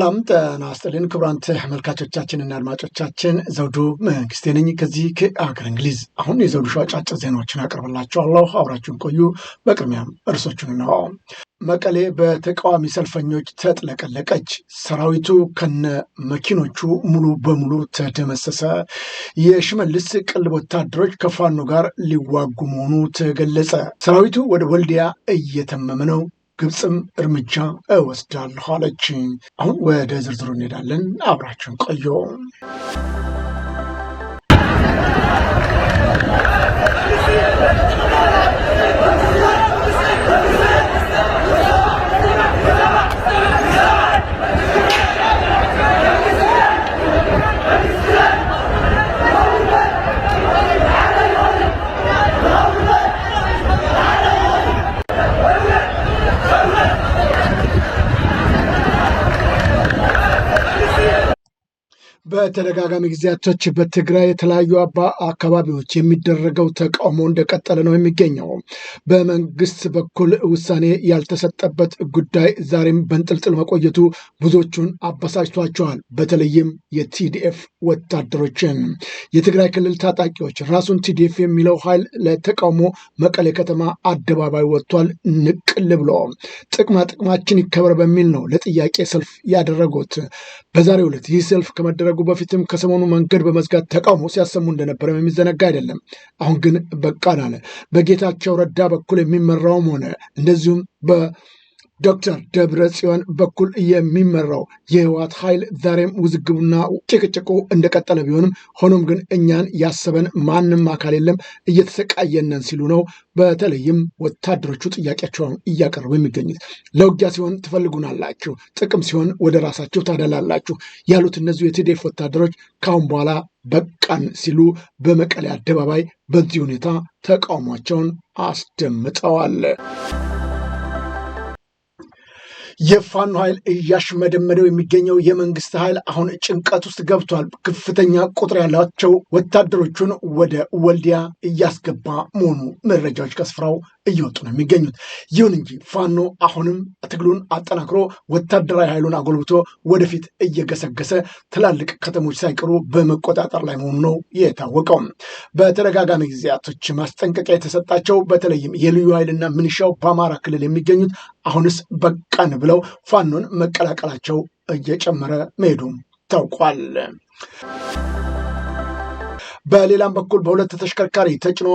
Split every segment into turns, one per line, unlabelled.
ሰላም ጤና ይስጥልን ክቡራን ተመልካቾቻችንና አድማጮቻችን ዘውዱ መንግስቴ ነኝ ከዚህ ከአገር እንግሊዝ። አሁን የዘውዱ ሾው አጫጭር ዜናዎችን አቀርብላችኋለሁ። አብራችሁን ቆዩ። በቅድሚያም እርሶቹን ነው። መቀሌ በተቃዋሚ ሰልፈኞች ተጥለቀለቀች። ሰራዊቱ ከነ መኪኖቹ ሙሉ በሙሉ ተደመሰሰ። የሽመልስ ቅልብ ወታደሮች ከፋኖ ጋር ሊዋጉ መሆኑ ተገለጸ። ሰራዊቱ ወደ ወልዲያ እየተመመ ነው። ግብፅም እርምጃ እወስዳለሁ አለች። አሁን ወደ ዝርዝሩ እንሄዳለን። አብራችን ቆዩ። በተደጋጋሚ ጊዜያቶች በትግራይ የተለያዩ አባ አካባቢዎች የሚደረገው ተቃውሞ እንደቀጠለ ነው የሚገኘው። በመንግስት በኩል ውሳኔ ያልተሰጠበት ጉዳይ ዛሬም በንጥልጥል መቆየቱ ብዙዎቹን አበሳጭቷቸዋል። በተለይም የቲዲኤፍ ወታደሮችን የትግራይ ክልል ታጣቂዎች ራሱን ቲዲኤፍ የሚለው ኃይል ለተቃውሞ መቀሌ ከተማ አደባባይ ወጥቷል። ንቅል ብሎ ጥቅማ ጥቅማችን ይከበር በሚል ነው ለጥያቄ ሰልፍ ያደረጉት። በዛሬው ዕለት ይህ ሰልፍ ከመደረጉ በፊትም ከሰሞኑ መንገድ በመዝጋት ተቃውሞ ሲያሰሙ እንደነበረም የሚዘነጋ አይደለም። አሁን ግን በቃን አለ። በጌታቸው ረዳ በኩል የሚመራውም ሆነ እንደዚሁም ዶክተር ደብረ ጽዮን በኩል የሚመራው የህወሓት ኃይል ዛሬም ውዝግቡና ጭቅጭቁ እንደቀጠለ ቢሆንም ሆኖም ግን እኛን ያሰበን ማንም አካል የለም እየተሰቃየነን ሲሉ ነው። በተለይም ወታደሮቹ ጥያቄያቸውን እያቀረቡ የሚገኙት ለውጊያ ሲሆን ትፈልጉናላችሁ፣ ጥቅም ሲሆን ወደ ራሳችሁ ታደላላችሁ ያሉት እነዚሁ የትዴፍ ወታደሮች ከአሁን በኋላ በቃን ሲሉ በመቀሌ አደባባይ በዚህ ሁኔታ ተቃውሟቸውን አስደምጠዋል። የፋኖ ኃይል እያሽመደመደው የሚገኘው የመንግስት ኃይል አሁን ጭንቀት ውስጥ ገብቷል። ከፍተኛ ቁጥር ያላቸው ወታደሮቹን ወደ ወልዲያ እያስገባ መሆኑ መረጃዎች ከስፍራው እየወጡ ነው የሚገኙት። ይሁን እንጂ ፋኖ አሁንም ትግሉን አጠናክሮ ወታደራዊ ኃይሉን አጎልብቶ ወደፊት እየገሰገሰ ትላልቅ ከተሞች ሳይቀሩ በመቆጣጠር ላይ መሆኑ ነው የታወቀው። በተደጋጋሚ ጊዜያቶች ማስጠንቀቂያ የተሰጣቸው በተለይም የልዩ ኃይልና ምንሻው በአማራ ክልል የሚገኙት አሁንስ በቃን ብለው ፋኖን መቀላቀላቸው እየጨመረ መሄዱም ታውቋል። በሌላም በኩል በሁለት ተሽከርካሪ ተጭኖ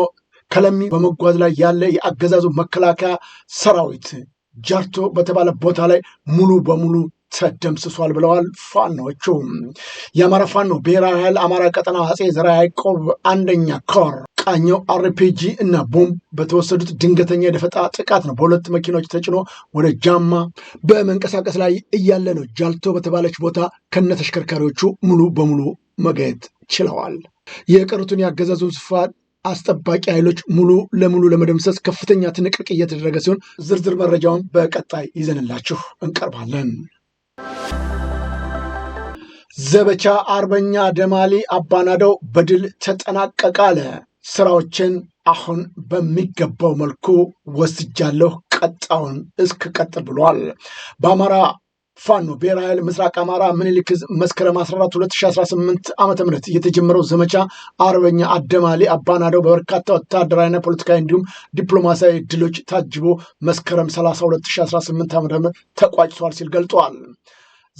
ከለሚ በመጓዝ ላይ ያለ የአገዛዙ መከላከያ ሰራዊት ጃርቶ በተባለ ቦታ ላይ ሙሉ በሙሉ ተደምስሷል ብለዋል ፋኖቹ። የአማራ ፋኖ ብሔራዊ ኃይል አማራ ቀጠና አጼ ዘርዓ ያዕቆብ አንደኛ ኮር ቃኘው አርፒጂ እና ቦምብ በተወሰዱት ድንገተኛ የደፈጣ ጥቃት ነው በሁለት መኪናዎች ተጭኖ ወደ ጃማ በመንቀሳቀስ ላይ እያለ ነው ጃልቶ በተባለች ቦታ ከነ ተሽከርካሪዎቹ ሙሉ በሙሉ መገየት ችለዋል። የቀሩትን ያገዛዙን ስፋት አስጠባቂ ኃይሎች ሙሉ ለሙሉ ለመደምሰስ ከፍተኛ ትንቅንቅ እየተደረገ ሲሆን ዝርዝር መረጃውን በቀጣይ ይዘንላችሁ እንቀርባለን። ዘበቻ አርበኛ ደማሊ አባናደው በድል ተጠናቀቀ አለ። ስራዎችን አሁን በሚገባው መልኩ ወስጃለሁ ቀጣውን እስክ ብሏል። በአማራ ፋኖ ብሔራዊ ኃይል ምስራቅ አማራ ምኒልክ ዕዝ መስከረም 14 2018 ዓ ም የተጀመረው ዘመቻ አርበኛ አደማሌ አባናደው በበርካታ ወታደራዊና ፖለቲካዊ እንዲሁም ዲፕሎማሲያዊ ድሎች ታጅቦ መስከረም 32018 ዓ ም ተቋጭቷል ሲል ገልጠዋል።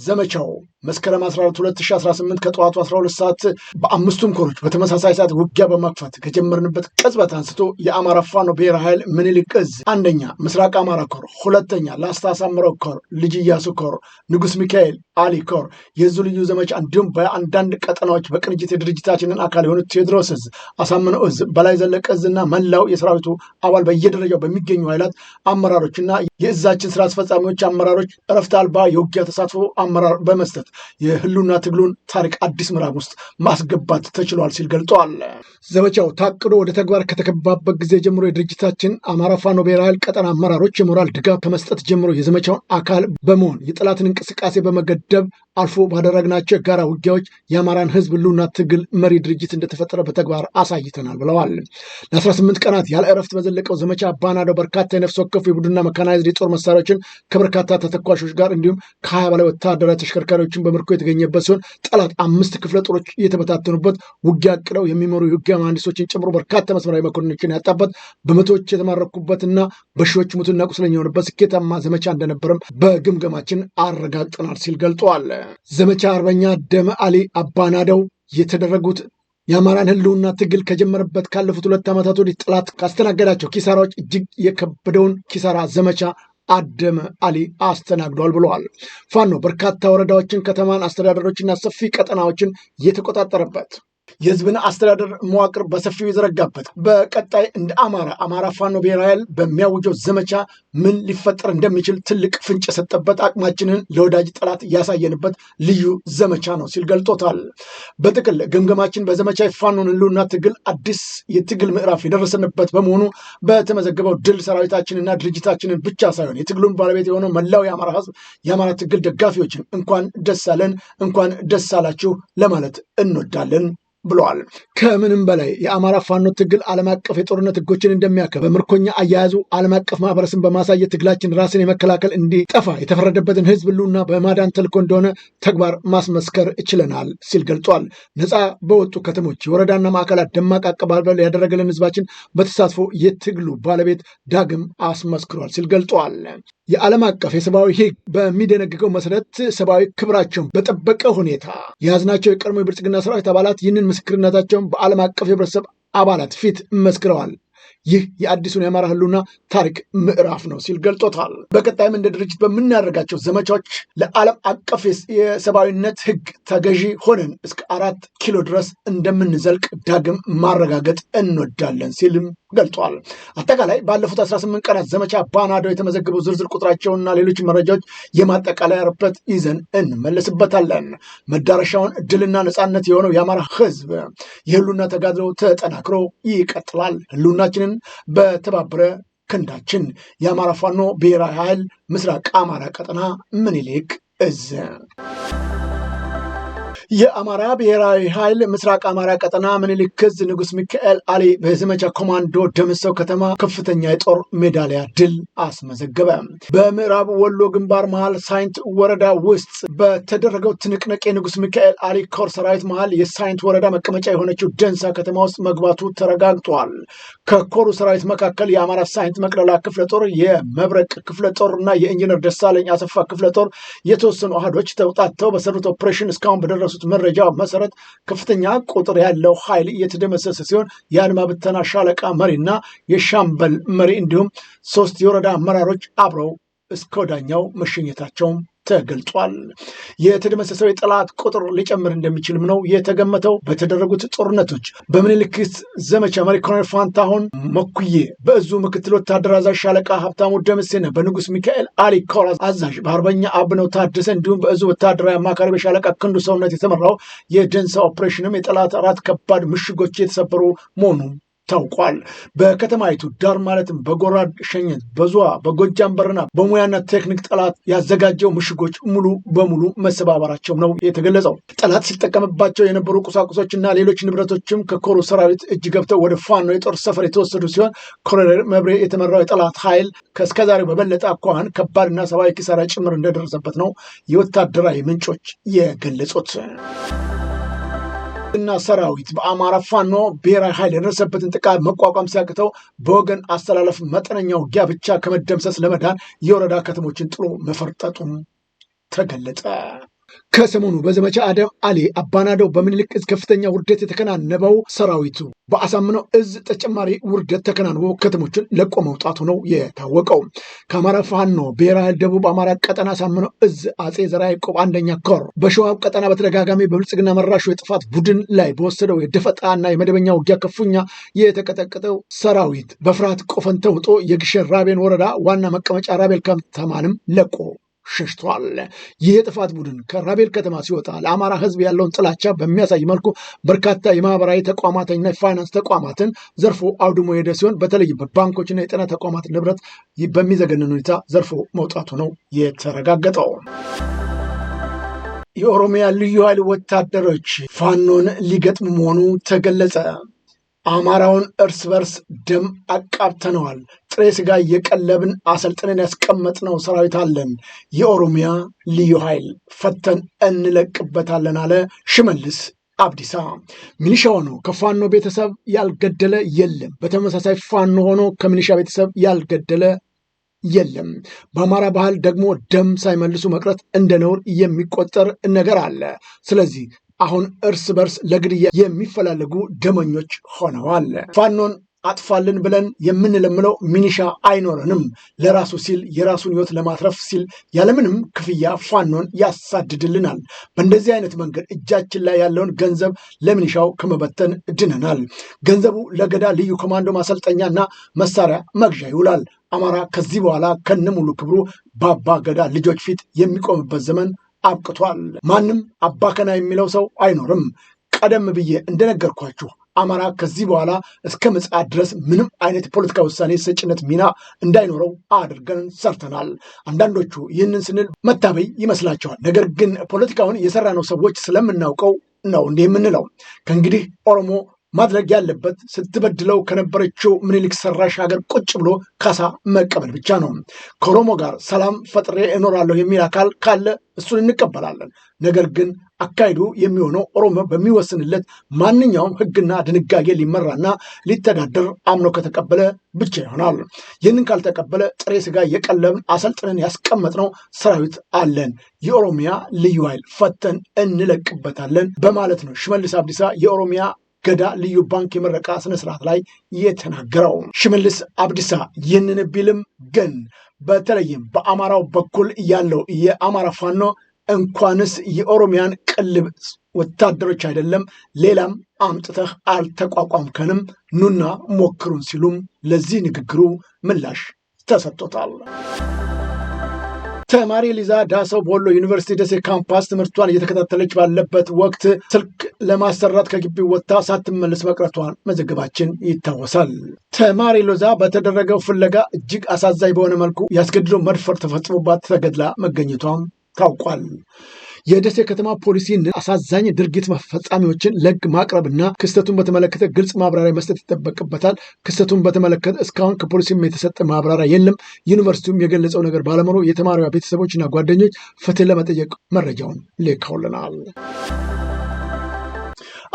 ዘመቻው መስከረም 12 2018 ከጠዋቱ 12 ሰዓት በአምስቱም ኮሮች በተመሳሳይ ሰዓት ውጊያ በመክፈት ከጀመርንበት ቅጽበት አንስቶ የአማራ ፋኖ ብሔር ኃይል ምኒልክ እዝ አንደኛ ምስራቅ አማራ ኮር፣ ሁለተኛ ላስታ አሳምረው ኮር፣ ልጅ እያሱ ኮር፣ ንጉስ ሚካኤል አሊ ኮር የዙ ልዩ ዘመቻ እንዲሁም በአንዳንድ ቀጠናዎች በቅንጅት የድርጅታችንን አካል የሆኑት ቴዎድሮስ እዝ፣ አሳምነው እዝ፣ በላይ ዘለቀ እዝና መላው የሰራዊቱ አባል በየደረጃው በሚገኙ ኃይላት አመራሮችና የእዛችን ስራ አስፈጻሚዎች አመራሮች እረፍት አልባ የውጊያ ተሳትፎ አመራር በመስጠት የህልውና ትግሉን ታሪክ አዲስ ምዕራፍ ውስጥ ማስገባት ተችሏል ሲል ገልጸዋል። ዘመቻው ታቅዶ ወደ ተግባር ከተገባበት ጊዜ ጀምሮ የድርጅታችን አማራ ፋኖ ብሔራዊ ኃይል ቀጠና አመራሮች የሞራል ድጋፍ ከመስጠት ጀምሮ የዘመቻውን አካል በመሆን የጠላትን እንቅስቃሴ በመገደብ አልፎ ባደረግናቸው የጋራ ውጊያዎች የአማራን ህዝብ ህልውና ትግል መሪ ድርጅት እንደተፈጠረ በተግባር አሳይተናል ብለዋል። ለ18 ቀናት ያለ እረፍት በዘለቀው ዘመቻ ባናዶ በርካታ የነፍስ ወከፍ የቡድንና መካናይዝድ የጦር መሳሪያዎችን ከበርካታ ተተኳሾች ጋር እንዲሁም ከሀያ በላይ ወታደራዊ ተሽከርካሪዎችን በምርኮ የተገኘበት ሲሆን ጠላት አምስት ክፍለ ጦሮች እየተበታተኑበት ውጊያ አቅደው የሚመሩ የውጊያ መሐንዲሶችን ጨምሮ በርካታ መስመራዊ መኮንኖችን ያጣበት በመቶዎች የተማረኩበትና በሺዎች ሙትና ቁስለኛ የሆነበት ስኬታማ ዘመቻ እንደነበረም በግምገማችን አረጋግጠናል ሲል ገልጠዋል። ዘመቻ አርበኛ ደመ አሊ አባናደው የተደረጉት የአማራን ህልውና ትግል ከጀመረበት ካለፉት ሁለት ዓመታት ወዲህ ጠላት ካስተናገዳቸው ኪሳራዎች እጅግ የከበደውን ኪሳራ ዘመቻ አደመ አሊ አስተናግዷል ብለዋል። ፋኖ በርካታ ወረዳዎችን፣ ከተማን፣ አስተዳደሮችና ሰፊ ቀጠናዎችን የተቆጣጠረበት የህዝብን አስተዳደር መዋቅር በሰፊው የዘረጋበት በቀጣይ እንደ አማራ አማራ ፋኖ ብሔራዊ ኃይል በሚያውጀው ዘመቻ ምን ሊፈጠር እንደሚችል ትልቅ ፍንጭ የሰጠበት አቅማችንን ለወዳጅ ጠላት ያሳየንበት ልዩ ዘመቻ ነው ሲል ገልጦታል። በጥቅል ግምገማችን በዘመቻ የፋኖን ህልውና ትግል አዲስ የትግል ምዕራፍ የደረሰንበት በመሆኑ በተመዘገበው ድል ሰራዊታችንና ድርጅታችንን ብቻ ሳይሆን የትግሉን ባለቤት የሆነው መላው የአማራ ህዝብ፣ የአማራ ትግል ደጋፊዎችን እንኳን ደስ አለን፣ እንኳን ደስ አላችሁ ለማለት እንወዳለን ብለዋል። ከምንም በላይ የአማራ ፋኖ ትግል ዓለም አቀፍ የጦርነት ህጎችን እንደሚያከብር በምርኮኛ አያያዙ ዓለም አቀፍ ማህበረሰብን በማሳየት ትግላችን ራስን የመከላከል እንዲጠፋ የተፈረደበትን ህዝብ ህልውና በማዳን ተልኮ እንደሆነ ተግባር ማስመስከር ችለናል ሲል ገልጿል። ነፃ በወጡ ከተሞች የወረዳና ማዕከላት ደማቅ አቀባበል ያደረገልን ህዝባችን በተሳትፎ የትግሉ ባለቤት ዳግም አስመስክሯል ሲል ገልጿል። የዓለም አቀፍ የሰብአዊ ህግ በሚደነግገው መሰረት ሰብአዊ ክብራቸውን በጠበቀ ሁኔታ የያዝናቸው የቀድሞ የብልጽግና ሰራዊት አባላት ይህንን ምስክርነታቸውን በዓለም አቀፍ የህብረተሰብ አባላት ፊት መስክረዋል። ይህ የአዲሱን የአማራ ህልውና ታሪክ ምዕራፍ ነው ሲል ገልጦታል። በቀጣይም እንደ ድርጅት በምናደርጋቸው ዘመቻዎች ለዓለም አቀፍ የሰብአዊነት ህግ ተገዢ ሆነን እስከ አራት ኪሎ ድረስ እንደምንዘልቅ ዳግም ማረጋገጥ እንወዳለን ሲልም ገልጿል። አጠቃላይ ባለፉት 18 ቀናት ዘመቻ ባናዶ የተመዘገበው ዝርዝር ቁጥራቸውና ሌሎች መረጃዎች የማጠቃለያ ሪፖርት ይዘን እንመለስበታለን። መዳረሻውን ድልና ነፃነት የሆነው የአማራ ህዝብ የህሉና ተጋድሎ ተጠናክሮ ይቀጥላል። ህሉናችንን በተባበረ ክንዳችን የአማራ ፋኖ ብሔራዊ ኃይል ምስራቅ አማራ ቀጠና ምኒልክ እዝ የአማራ ብሔራዊ ኃይል ምስራቅ አማራ ቀጠና ምኒልክ እዝ ንጉስ ሚካኤል አሊ በዘመቻ ኮማንዶ ደምሰው ከተማ ከፍተኛ የጦር ሜዳሊያ ድል አስመዘገበ። በምዕራብ ወሎ ግንባር መሃል ሳይንት ወረዳ ውስጥ በተደረገው ትንቅንቅ የንጉስ ሚካኤል አሊ ኮር ሰራዊት መሃል የሳይንት ወረዳ መቀመጫ የሆነችው ደንሳ ከተማ ውስጥ መግባቱ ተረጋግጧል። ከኮሩ ሰራዊት መካከል የአማራ ሳይንት መቅለላ ክፍለ ጦር፣ የመብረቅ ክፍለ ጦር እና የኢንጂነር ደሳለኝ አሰፋ ክፍለ ጦር የተወሰኑ አህዶች ተውጣተው በሰሩት ኦፕሬሽን እስካሁን በደረሱ በደረሱት መረጃ መሰረት ከፍተኛ ቁጥር ያለው ኃይል እየተደመሰሰ ሲሆን የአድማ ብተና ሻለቃ መሪና የሻምበል መሪ እንዲሁም ሶስት የወረዳ አመራሮች አብረው እስከ ወዳኛው መሸኘታቸውም ተገልጿል። የተደመሰሰው የጠላት ቁጥር ሊጨምር እንደሚችልም ነው የተገመተው። በተደረጉት ጦርነቶች በምኒልክስ ዘመቻ መሪ ኮሎኔል ፋንታሁን መኩዬ በእዙ ምክትል ወታደር አዛዥ ሻለቃ ሀብታሙ ደምሴነ፣ በንጉስ ሚካኤል አሊ ኮር አዛዥ በአርበኛ አብነው ታደሰ እንዲሁም በእዙ ወታደራዊ አማካሪ በሻለቃ ክንዱ ሰውነት የተመራው የደንሳ ኦፕሬሽንም የጠላት አራት ከባድ ምሽጎች የተሰበሩ መሆኑም ታውቋል። በከተማይቱ ዳር ማለትም በጎራድ ሸኘት፣ በዙዋ፣ በጎጃም በርና በሙያና ቴክኒክ ጠላት ያዘጋጀው ምሽጎች ሙሉ በሙሉ መሰባበራቸው ነው የተገለጸው። ጠላት ሲጠቀምባቸው የነበሩ ቁሳቁሶችና ሌሎች ንብረቶችም ከኮሩ ሰራዊት እጅ ገብተው ወደ ፋኖ የጦር ሰፈር የተወሰዱ ሲሆን ኮሎኔል መብሬ የተመራው የጠላት ኃይል ከእስከዛሬው በበለጠ አኳኋን ከባድና ሰብአዊ ኪሳራ ጭምር እንደደረሰበት ነው የወታደራዊ ምንጮች የገለጹት። እና ሰራዊት በአማራ ፋኖ ብሔራዊ ኃይል የደረሰበትን ጥቃት መቋቋም ሲያቅተው በወገን አስተላለፍ መጠነኛ ውጊያ ብቻ ከመደምሰስ ለመዳን የወረዳ ከተሞችን ጥሎ መፈርጠጡም ተገለጠ። ከሰሞኑ በዘመቻ አደም አሊ አባናደው በምኒልክ እዝ ከፍተኛ ውርደት የተከናነበው ሰራዊቱ በአሳምነው እዝ ተጨማሪ ውርደት ተከናንቦ ከተሞችን ለቆ መውጣቱ ነው የታወቀው። ከአማራ ፋኖ ብሔራዊ ደቡብ አማራ ቀጠና አሳምነው እዝ አጼ ዘርዓ ያዕቆብ አንደኛ ኮር በሸዋብ ቀጠና በተደጋጋሚ በብልጽግና መራሹ የጥፋት ቡድን ላይ በወሰደው የደፈጣና የመደበኛ ውጊያ ከፉኛ የተቀጠቀጠው ሰራዊት በፍርሃት ቆፈን ተውጦ የግሸን ራቤን ወረዳ ዋና መቀመጫ ራቤል ከተማንም ለቆ ሸሽቷል። ይህ የጥፋት ቡድን ከራቤል ከተማ ሲወጣ ለአማራ ህዝብ ያለውን ጥላቻ በሚያሳይ መልኩ በርካታ የማህበራዊ ተቋማትና የፋይናንስ ተቋማትን ዘርፎ አውድሞ ሄደ ሲሆን በተለይ በባንኮችና የጤና ተቋማት ንብረት በሚዘገንን ሁኔታ ዘርፎ መውጣቱ ነው የተረጋገጠው። የኦሮሚያ ልዩ ኃይል ወታደሮች ፋኖን ሊገጥሙ መሆኑ ተገለጸ። አማራውን እርስ በርስ ደም አቃብተነዋል። ጥሬ ስጋ እየቀለብን አሰልጥነን ያስቀመጥነው ሰራዊት አለን። የኦሮሚያ ልዩ ኃይል ፈተን እንለቅበታለን አለ ሽመልስ አብዲሳ። ሚሊሻ ሆኖ ከፋኖ ቤተሰብ ያልገደለ የለም። በተመሳሳይ ፋኖ ሆኖ ከሚሊሻ ቤተሰብ ያልገደለ የለም። በአማራ ባህል ደግሞ ደም ሳይመልሱ መቅረት እንደ ነውር የሚቆጠር ነገር አለ። ስለዚህ አሁን እርስ በርስ ለግድያ የሚፈላለጉ ደመኞች ሆነዋል። ፋኖን አጥፋልን ብለን የምንለምለው ሚኒሻ አይኖረንም። ለራሱ ሲል የራሱን ህይወት ለማትረፍ ሲል ያለምንም ክፍያ ፋኖን ያሳድድልናል። በእንደዚህ አይነት መንገድ እጃችን ላይ ያለውን ገንዘብ ለሚኒሻው ከመበተን ድነናል። ገንዘቡ ለገዳ ልዩ ኮማንዶ ማሰልጠኛና መሳሪያ መግዣ ይውላል። አማራ ከዚህ በኋላ ከነሙሉ ክብሩ በአባ ገዳ ልጆች ፊት የሚቆምበት ዘመን አብቅቷል። ማንም አባከና የሚለው ሰው አይኖርም። ቀደም ብዬ እንደነገርኳችሁ አማራ ከዚህ በኋላ እስከ ምጽአት ድረስ ምንም አይነት የፖለቲካ ውሳኔ ሰጭነት ሚና እንዳይኖረው አድርገን ሰርተናል። አንዳንዶቹ ይህንን ስንል መታበይ ይመስላቸዋል። ነገር ግን ፖለቲካውን የሰራነው ሰዎች ስለምናውቀው ነው እንዲህ የምንለው። ከእንግዲህ ኦሮሞ ማድረግ ያለበት ስትበድለው ከነበረችው ምኒልክ ሰራሽ ሀገር ቁጭ ብሎ ካሳ መቀበል ብቻ ነው። ከኦሮሞ ጋር ሰላም ፈጥሬ እኖራለሁ የሚል አካል ካለ እሱን እንቀበላለን። ነገር ግን አካሄዱ የሚሆነው ኦሮሞ በሚወስንለት ማንኛውም ሕግና ድንጋጌ ሊመራና ሊተዳደር አምኖ ከተቀበለ ብቻ ይሆናል። ይህንን ካልተቀበለ ጥሬ ስጋ የቀለብን አሰልጥነን ያስቀመጥነው ሰራዊት አለን፣ የኦሮሚያ ልዩ ኃይል ፈተን እንለቅበታለን በማለት ነው ሽመልስ አብዲሳ የኦሮሚያ ገዳ ልዩ ባንክ የምረቃ ስነስርዓት ላይ የተናገረው ሽመልስ አብዲሳ ይህንን ቢልም ግን በተለይም በአማራው በኩል ያለው የአማራ ፋኖ እንኳንስ የኦሮሚያን ቅልብ ወታደሮች አይደለም ሌላም አምጥተህ አልተቋቋምከንም፣ ኑና ሞክሩን ሲሉም ለዚህ ንግግሩ ምላሽ ተሰጥቶታል። ተማሪ ሊዛ ዳሰው በወሎ ዩኒቨርሲቲ ደሴ ካምፓስ ትምህርቷን እየተከታተለች ባለበት ወቅት ስልክ ለማሰራት ከግቢ ወጥታ ሳትመለስ መቅረቷን መዘገባችን ይታወሳል። ተማሪ ሎዛ በተደረገው ፍለጋ እጅግ አሳዛኝ በሆነ መልኩ ያስገድዶ መድፈር ተፈጽሞባት ተገድላ መገኘቷም ታውቋል። የደሴ ከተማ ፖሊስ አሳዛኝ ድርጊት ፈጻሚዎችን ለህግ ማቅረብና ክስተቱን በተመለከተ ግልጽ ማብራሪያ መስጠት ይጠበቅበታል። ክስተቱን በተመለከተ እስካሁን ከፖሊስም የተሰጠ ማብራሪያ የለም። ዩኒቨርሲቲውም የገለጸው ነገር ባለመኖሩ የተማሪዋ ቤተሰቦችና ጓደኞች ፍትህ ለመጠየቅ መረጃውን ልከውልናል።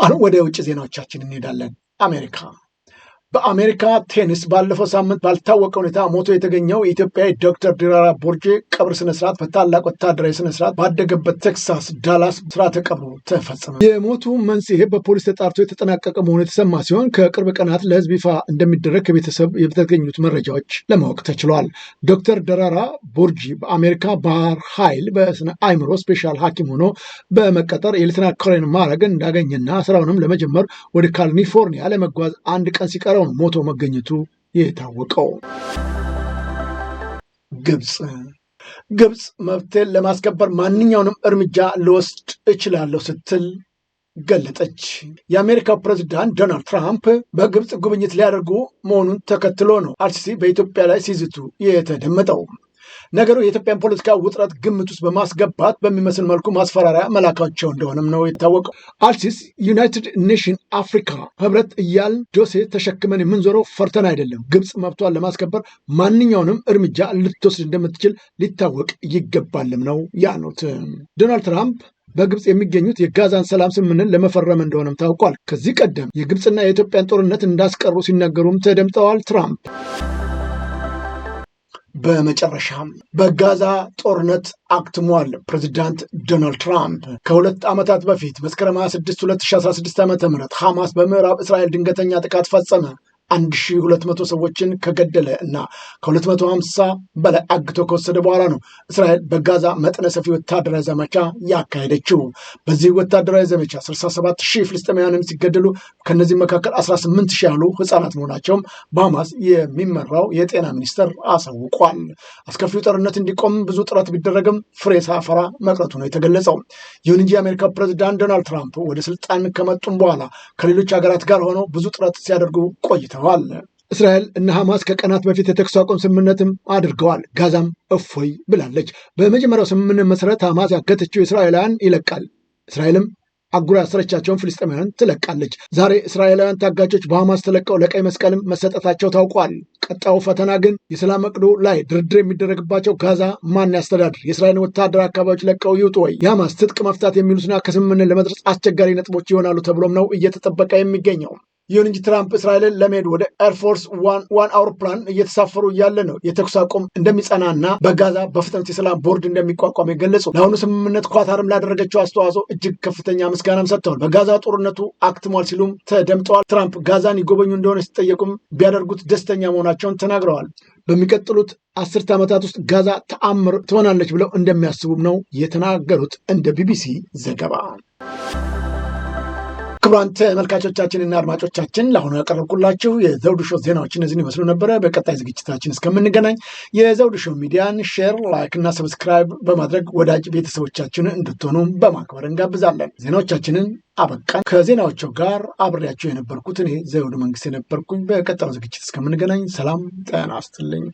አሁን ወደ ውጭ ዜናዎቻችን እንሄዳለን። አሜሪካ በአሜሪካ ቴኒስ ባለፈው ሳምንት ባልታወቀ ሁኔታ ሞቶ የተገኘው የኢትዮጵያ ዶክተር ዲራራ ቦርጄ ቀብር ስነስርዓት በታላቅ ወታደራዊ ስነስርዓት ባደገበት ቴክሳስ ዳላስ ስርዓተ ቀብሩ ተፈጸመ። የሞቱ መንስኤ በፖሊስ ተጣርቶ የተጠናቀቀ መሆኑ የተሰማ ሲሆን ከቅርብ ቀናት ለሕዝብ ይፋ እንደሚደረግ ከቤተሰብ የተገኙት መረጃዎች ለማወቅ ተችሏል። ዶክተር ደራራ ቦርጂ በአሜሪካ ባህር ኃይል በስነ አይምሮ ስፔሻል ሐኪም ሆኖ በመቀጠር የሌተና ኮሎኔል ማዕረግ እንዳገኘና ስራውንም ለመጀመር ወደ ካሊፎርኒያ ለመጓዝ አንድ ቀን ሲቀረው ሰው ሞቶ መገኘቱ የታወቀው። ግብፅ ግብፅ መብቴን ለማስከበር ማንኛውንም እርምጃ ልወስድ እችላለሁ ስትል ገለጠች። የአሜሪካው ፕሬዚዳንት ዶናልድ ትራምፕ በግብፅ ጉብኝት ሊያደርጉ መሆኑን ተከትሎ ነው አልሲሲ በኢትዮጵያ ላይ ሲዝቱ የተደመጠው። ነገሩ የኢትዮጵያን ፖለቲካ ውጥረት ግምት ውስጥ በማስገባት በሚመስል መልኩ ማስፈራሪያ መላካቸው እንደሆነም ነው የታወቀው። አልሲስ ዩናይትድ ኔሽን አፍሪካ ህብረት እያል ዶሴ ተሸክመን የምንዞረው ፈርተን አይደለም። ግብፅ መብቷን ለማስከበር ማንኛውንም እርምጃ ልትወስድ እንደምትችል ሊታወቅ ይገባልም ነው ያሉት ዶናልድ ትራምፕ በግብፅ የሚገኙት የጋዛን ሰላም ስምምነት ለመፈረም እንደሆነም ታውቋል። ከዚህ ቀደም የግብፅና የኢትዮጵያን ጦርነት እንዳስቀሩ ሲነገሩም ተደምጠዋል ትራምፕ በመጨረሻም በጋዛ ጦርነት አክትሟል። ፕሬዚዳንት ዶናልድ ትራምፕ ከሁለት ዓመታት በፊት መስከረም 26 2016 ዓ ም ሐማስ በምዕራብ እስራኤል ድንገተኛ ጥቃት ፈጸመ 1200 ሰዎችን ከገደለ እና ከ250 በላይ አግቶ ከወሰደ በኋላ ነው እስራኤል በጋዛ መጠነ ሰፊ ወታደራዊ ዘመቻ ያካሄደችው። በዚህ ወታደራዊ ዘመቻ 67 ሺህ ፍልስጤማውያንም ሲገደሉ ከነዚህ መካከል 18 ሺህ ያሉ ህጻናት መሆናቸውም በሐማስ የሚመራው የጤና ሚኒስቴር አሳውቋል። አስከፊው ጦርነት እንዲቆም ብዙ ጥረት ቢደረግም ፍሬ ሳፈራ መቅረቱ ነው የተገለጸው። ይሁን እንጂ የአሜሪካ ፕሬዚዳንት ዶናልድ ትራምፕ ወደ ስልጣን ከመጡም በኋላ ከሌሎች ሀገራት ጋር ሆነው ብዙ ጥረት ሲያደርጉ ቆይተዋል። ተናግረዋል። እስራኤል እና ሐማስ ከቀናት በፊት የተኩስ አቁም ስምምነትም አድርገዋል። ጋዛም እፎይ ብላለች። በመጀመሪያው ስምምነት መሰረት ሐማስ ያገተችው እስራኤላውያን ይለቃል። እስራኤልም አጉር ያሰረቻቸውን ፍልስጤማውያን ትለቃለች። ዛሬ እስራኤላውያን ታጋቾች በሐማስ ተለቀው ለቀይ መስቀልም መሰጠታቸው ታውቋል። ቀጣዩ ፈተና ግን የሰላም እቅዱ ላይ ድርድር የሚደረግባቸው ጋዛ ማን ያስተዳድር? የእስራኤልን ወታደር አካባቢዎች ለቀው ይውጡ ወይ? የሐማስ ትጥቅ መፍታት የሚሉትና ከስምምነት ለመድረስ አስቸጋሪ ነጥቦች ይሆናሉ ተብሎም ነው እየተጠበቀ የሚገኘው። ይሁን እንጂ ትራምፕ እስራኤልን ለመሄድ ወደ ኤርፎርስ ዋን ዋን አውሮፕላን እየተሳፈሩ እያለ ነው የተኩስ አቁም እንደሚጸናና በጋዛ በፍጥነት የሰላም ቦርድ እንደሚቋቋም የገለጹ። ለአሁኑ ስምምነት ኳታርም ላደረገችው አስተዋጽኦ እጅግ ከፍተኛ ምስጋናም ሰጥተዋል። በጋዛ ጦርነቱ አክትሟል ሲሉም ተደምጠዋል። ትራምፕ ጋዛን ይጎበኙ እንደሆነ ሲጠየቁም ቢያደርጉት ደስተኛ መሆናቸውን ተናግረዋል። በሚቀጥሉት አስርት ዓመታት ውስጥ ጋዛ ተአምር ትሆናለች ብለው እንደሚያስቡም ነው የተናገሩት እንደ ቢቢሲ ዘገባ ክቡራን ተመልካቾቻችንና አድማጮቻችን ለአሁኑ ያቀረብኩላችሁ የዘውዱ ሾው ዜናዎች እነዚህን ይመስሉ ነበረ። በቀጣይ ዝግጅታችን እስከምንገናኝ የዘውዱ ሾው ሚዲያን ሼር፣ ላይክ እና ሰብስክራይብ በማድረግ ወዳጅ ቤተሰቦቻችን እንድትሆኑ በማክበር እንጋብዛለን። ዜናዎቻችንን አበቃን። ከዜናዎቹ ጋር አብሬያችሁ የነበርኩት እኔ ዘውዱ መንግስት የነበርኩኝ። በቀጣዩ ዝግጅት እስከምንገናኝ ሰላም ጤና ይስጥልኝ።